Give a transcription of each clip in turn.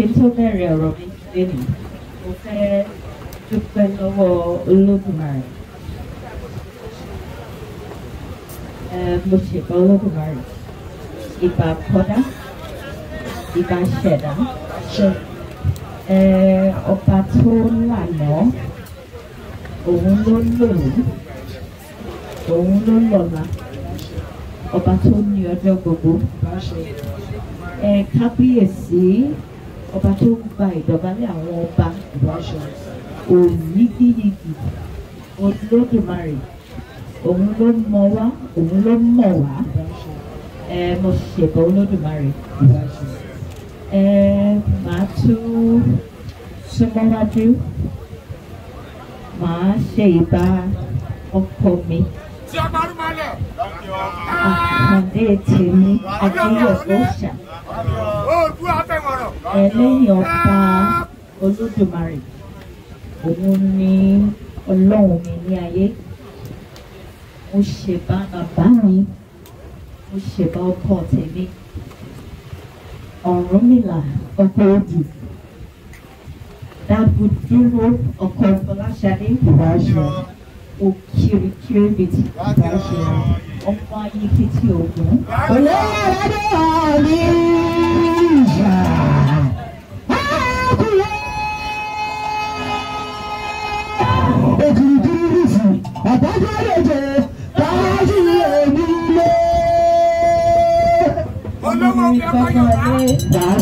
kí n tó bẹ̀rẹ̀ ọ̀rọ̀ mi lónìí mo fẹ́ dúpẹ́ lọ́wọ́ Olódùmarè mo ṣègbọ́ Olódùmarè ìbà kọ́dá ìbà ṣẹ̀dá ọba tó lànà òun ló lòun òun ló lọ́la ọba tó ní ọjọ́ gbogbo kábíyèsí ọba tó ń gba ìjọba ní àwọn ọba ìbáṣọ òyígíyigì olódùmarè òun ló mọ wá òun ló mọ̀ wá ẹ mo ṣèbọ̀ olódùmarè ẹ màá tún súnmọ́ wájú màá ṣe ìbá ọkọ mi. Àkàndé tèmi Adéyẹ̀wò ṣàkóso ẹlẹ́yìn ọba olódùmarè òun ni ọlọ́run mi ní ayé mo ṣèbá bàbá mi mo ṣèbá ọkọ tèmi ọ̀rúnmìlà ọkọ òdù dàbùdúró ọkọ fọláṣadé ìbáṣọ òkìrìkìrì bìtì ìbáṣọ ọmọ ayé kìtì ògún. olóyè ọlọ́dún ọ̀ọ́lì.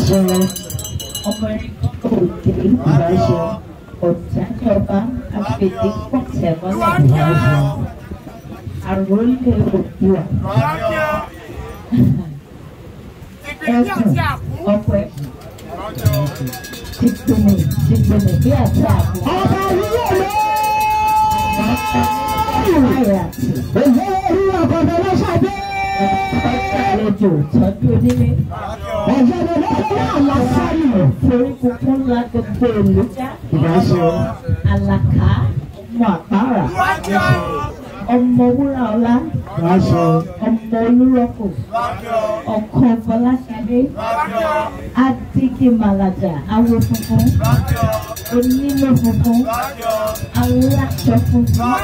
àjọyọ̀ ọmọ ẹni tó kò dé ìbáṣọ ọ̀tàjọba àfẹ̀dé pọ̀tẹ̀mọ́lẹ̀ ìbáṣọ àròlé òdua ẹkùn ọpẹ tìgbìmì tìgbìmì bí àti àbò. ọba wíwọ lọ. Èyí rí ọ̀gọ̀dọ̀ lọ́sàdé. Ẹ̀ka ẹ̀ka àlejò tọ́jú onílé. Ọ̀gẹ̀dẹ̀ lọ́wọ́ àlàsáyì foríko fún lágbègbè ìlú. Ìdáṣọ. Àlàká. Ọmọ àpárá. Ọmọ wúrà ọlá. Ìdáṣọ. Ọmọ olúrọ̀kọ. Ọkọ Bọ́láṣadé. Adíkè Màlàjà. Awo funfun. Onílé funfun. Aláṣọ funfun.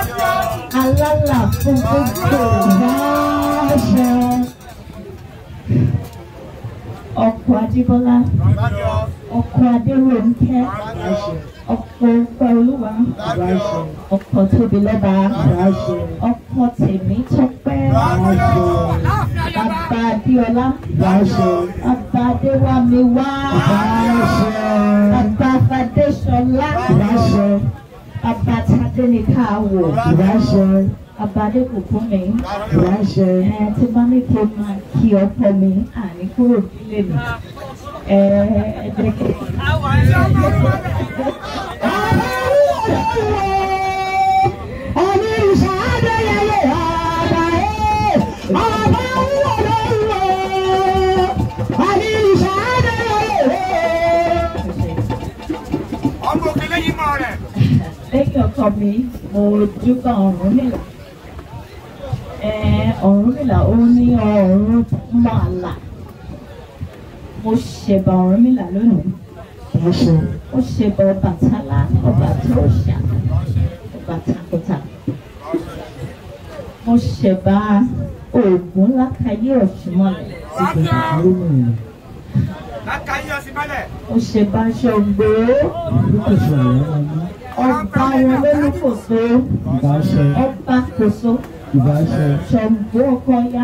Alálà funfun tó dáṣọ ọkọ̀ adébọ́lá ọkọ̀ adérónkẹ́ ọkọ̀ ọpẹ́ olúwa ọkọ̀ tóbilọ́ba ọkọ̀ tèmítọ́pẹ́ bàbá adéọlá bàbá adéwàmíwá bàbá fadéṣọlá bàbá tadéníkàwò abadé kò fún mi ẹ tí bá ní kí n máa kí ọkọ mi á mi kúrò nílé mi ẹ ẹ jẹ́ kí. lẹ́yìn ọ̀run nílà ó ní ọ̀run máa mo ṣẹ̀bà Ọ̀rúnmìlà lónìí mo ṣẹ̀bà Ọbàtálá ọba tó ṣà ọba takọta mo ṣẹ̀bà Ògún lákàyé Ọ̀ṣùnmọ̀lẹ̀ mo ṣẹ̀bà Ṣàngó ọba wọn lólùkòso ọba kòso Ṣàngó ọkọ ya.